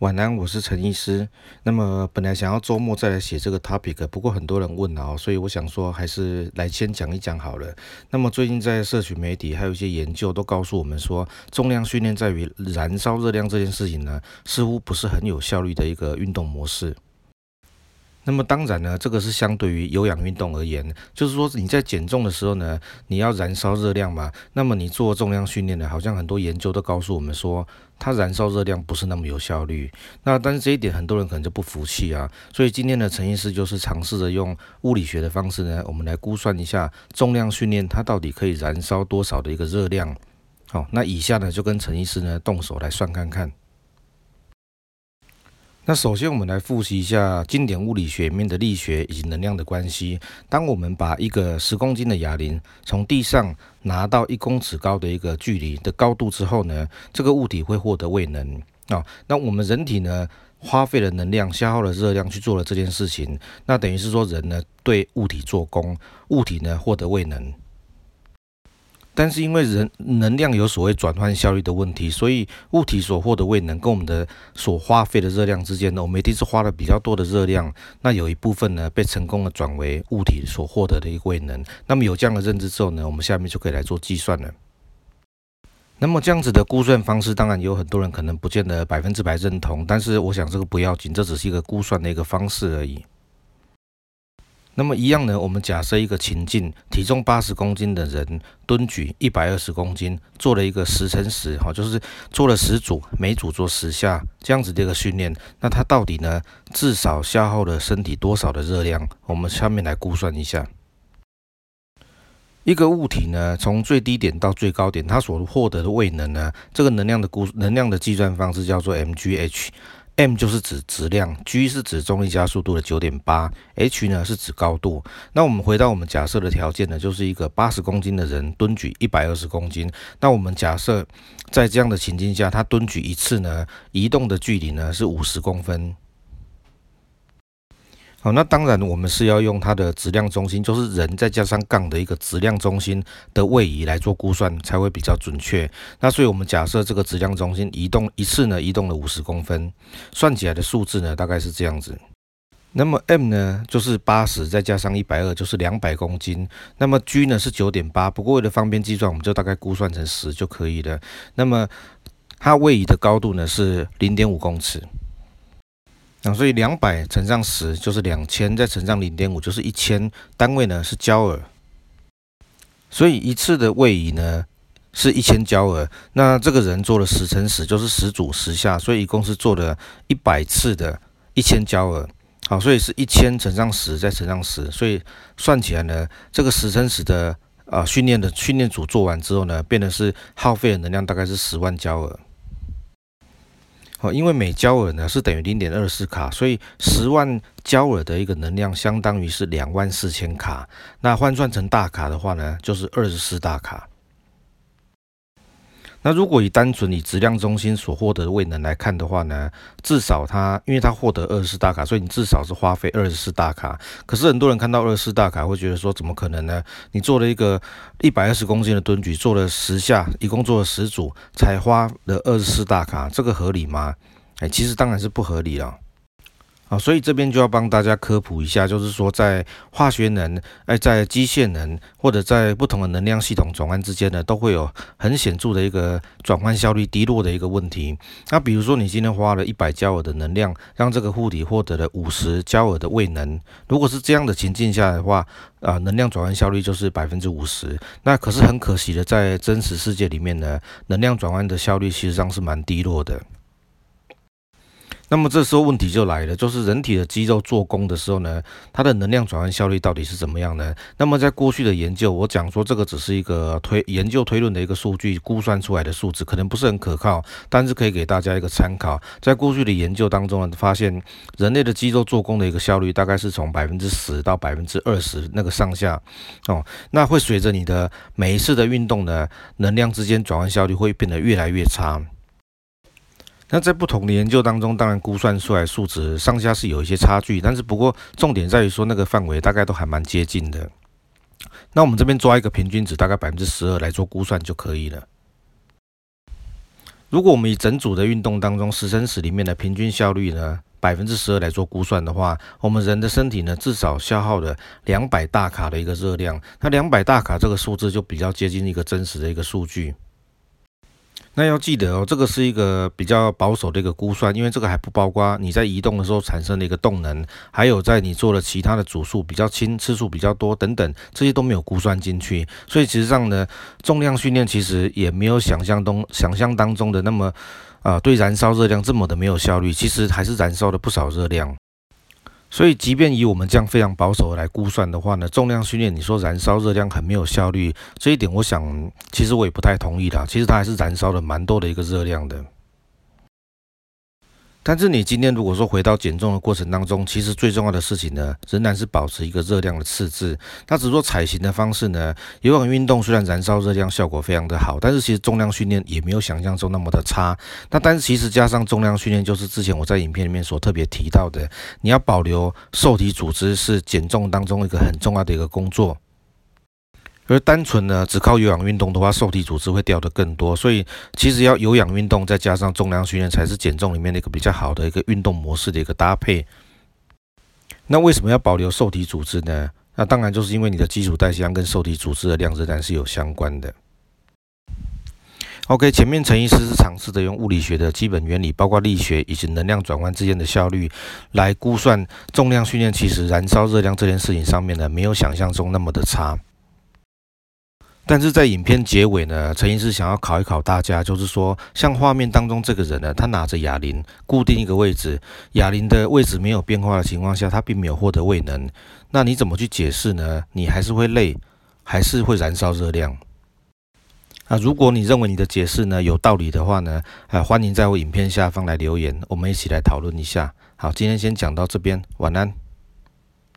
晚安，我是陳醫師。那麼本來想要週末再來寫這個 topic，不過很多人問了喔，所以我想說還是來先講一講好了。那麼最近在社群媒體還有一些研究都告訴我們說，重量訓練在於燃燒熱量這件事情呢，似乎不是很有效率的一個運動模式。那麼當然呢，這個是相對於有氧運動而言，就是說你在減重的時候呢，你要燃燒熱量嘛。那麼你做重量訓練呢，好像很多研究都告訴我們說，它燃燒熱量不是那麼有效率。那但是這一點很多人可能就不服氣啊。所以今天的陳醫師就是嘗試着用物理學的方式呢，我們來估算一下重量訓練它到底可以燃燒多少的一個熱量。好、哦，那以下呢就跟陳醫師呢動手來算看看。那首先，我們來複習一下經典物理學面的力學以及能量的關係。當我們把一個十公斤的啞鈴從地上拿到一公尺高的一個距離的高度之後呢，這個物體會獲得位能啊、哦。那我們人體呢，花費了能量，消耗了熱量去做了這件事情，那等於是說人呢對物體做功，物體呢獲得位能。但是因為人能量有所謂轉換效率的問題，所以物體所獲得位能跟我們的所花費的熱量之間呢，我們一定是花了比較多的熱量，那有一部分呢被成功的轉為物體所獲得的一個位能。那麼有這樣的認知之後呢，我們下面就可以來做計算了。那麼這樣子的估算方式，當然有很多人可能不見得百分之百認同，但是我想這個不要緊，這只是一個估算的一個方式而已。那麼一樣呢，我們假設一個情境，體重八十公斤的人，蹲舉一百二十公斤，做了一個十乘十，哈，就是做了十組，每組做十下，這樣子的一個訓練，那他到底呢，至少消耗了身體多少的熱量？我們下面來估算一下。一個物體呢，從最低點到最高點，它所獲得的位能呢，這個能量的估，能量的計算方式叫做 MGH。m 就是指質量，g 是指重力加速度的九點八，h 呢是指高度。那我們回到我們假設的條件呢，就是一個八十公斤的人蹲舉一百二十公斤。那我們假設在這樣的情境下，他蹲舉一次呢，移動的距離呢是五十公分。好、哦，那當然我們是要用它的質量中心，就是人再加上槓的一個質量中心的位移來做估算，才會比較準確。那所以我們假設這個質量中心移動一次呢，移動了五十公分，算起來的數字呢，大概是這樣子。那麼 M 呢，就是八十再加上一百二，就是兩百公斤。那麼 G 呢是九點八，不過為了方便計算，我們就大概估算成十就可以了。那麼它位移的高度呢是零點五公尺。嗯、所以兩百乘上十就是兩千，再乘上零點五就是一千，單位呢是焦耳。所以一次的位移呢是一千焦耳。那這個人做了十乘十，就是十組十下，所以一共是做了一百次的一千焦耳。好，所以是一千乘上十再乘上十，所以算起來呢，這個十乘十的啊、呃、訓練的訓練組做完之後呢，變得是耗費的能量大概是十萬焦耳。哦，因為每焦耳呢是等於零點二四卡，所以十萬焦耳的一個能量相當於是兩萬四千卡。那換算成大卡的話呢，就是二十四大卡。那如果以單純以質量中心所獲得的位能來看的話呢？至少它，因為它獲得二十四大卡，所以你至少是花費二十四大卡。可是很多人看到二十四大卡會覺得說，怎麼可能呢？你做了一個一百二十公斤的蹲舉，做了十下，一共做了十組，才花了二十四大卡，這個合理嗎？哎、欸，其實當然是不合理了，哦。啊，所以這邊就要幫大家科普一下，就是說在化學能、哎，在機械能或者在不同的能量系統轉換之間呢，都會有很顯著的一個轉換效率低落的一個問題。那比如說你今天花了一百焦耳的能量，讓這個物體獲得了五十焦耳的位能，如果是這樣的情境下的話，啊、呃，能量轉換效率就是百分之五十。那可是很可惜的，在真實世界裡面呢，能量轉換的效率其實上是蠻低落的。那麼這時候問題就來了，就是人體的肌肉做功的時候呢，它的能量轉換效率到底是怎麼樣呢？那麼在過去的研究，我講說這個只是一個推研究推論的一個數據，估算出來的數字，可能不是很可靠，但是可以給大家一個參考。在過去的研究當中呢，發現人類的肌肉做功的一個效率大概是從百分之十到百分之二十那個上下哦，那會隨着你的每一次的運動呢，能量之間轉換效率會變得越來越差。那在不同的研究當中，當然估算出來數值上下是有一些差距，但是不過重點在於說那個範圍大概都還蠻接近的。那我們這邊抓一個平均值，大概百分之十二來做估算就可以了。如果我們以整組的運動當中，十乘十裡面的平均效率呢百分之十二來做估算的話，我們人的身體呢至少消耗了兩百大卡的一個熱量。那兩百大卡這個數字就比較接近一個真實的一個數據。那要記得哦，這個是一個比較保守的一個估算，因為這個還不包括你在移動的時候產生的一個動能，還有在你做了其他的組數比較輕、次數比較多等等，這些都沒有估算進去。所以其實上呢，重量訓練其實也沒有想象中想象當中的那麼，啊、呃，對燃燒熱量這麼的沒有效率。其實還是燃燒了不少熱量。所以，即便以我們這樣非常保守的來估算的話呢，重量訓練你說燃燒熱量很沒有效率這一點，我想其實我也不太同意啦。其實它還是燃燒了蠻多的一個熱量的。但是你今天如果說回到減重的過程當中，其實最重要的事情呢，仍然是保持一個熱量的赤字。那只做採行的方式呢，也有氧運動雖然燃燒熱量效果非常的好，但是其實重量訓練也沒有想象中那麼的差。那但是其實加上重量訓練，就是之前我在影片裡面所特別提到的，你要保留瘦體組織是減重當中一個很重要的一個工作。而單純呢，只靠有氧運動的話，受體組織會掉得更多。所以其實要有氧運動，再加上重量訓練，才是減重裡面的一個比較好的一個運動模式的一個搭配。那為什麼要保留受體組織呢？那當然就是因為你的基礎代謝跟受體組織的量仍然是有相關的。OK，前面陳醫師是嘗試着用物理學的基本原理，包括力學以及能量轉換之間的效率，來估算重量訓練其實燃燒熱量這件事情上面呢，沒有想象中那麼的差。但是在影片結尾呢，陳醫師想要考一考大家，就是說，像畫面當中這個人呢，他拿着啞鈴固定一個位置，啞鈴的位置沒有變化的情況下，他並沒有獲得位能，那你怎麼去解釋呢？你還是會累，還是會燃燒熱量？啊，如果你認為你的解釋呢有道理的話呢，啊，歡迎在我影片下方來留言，我們一起來討論一下。好，今天先講到這邊，晚安。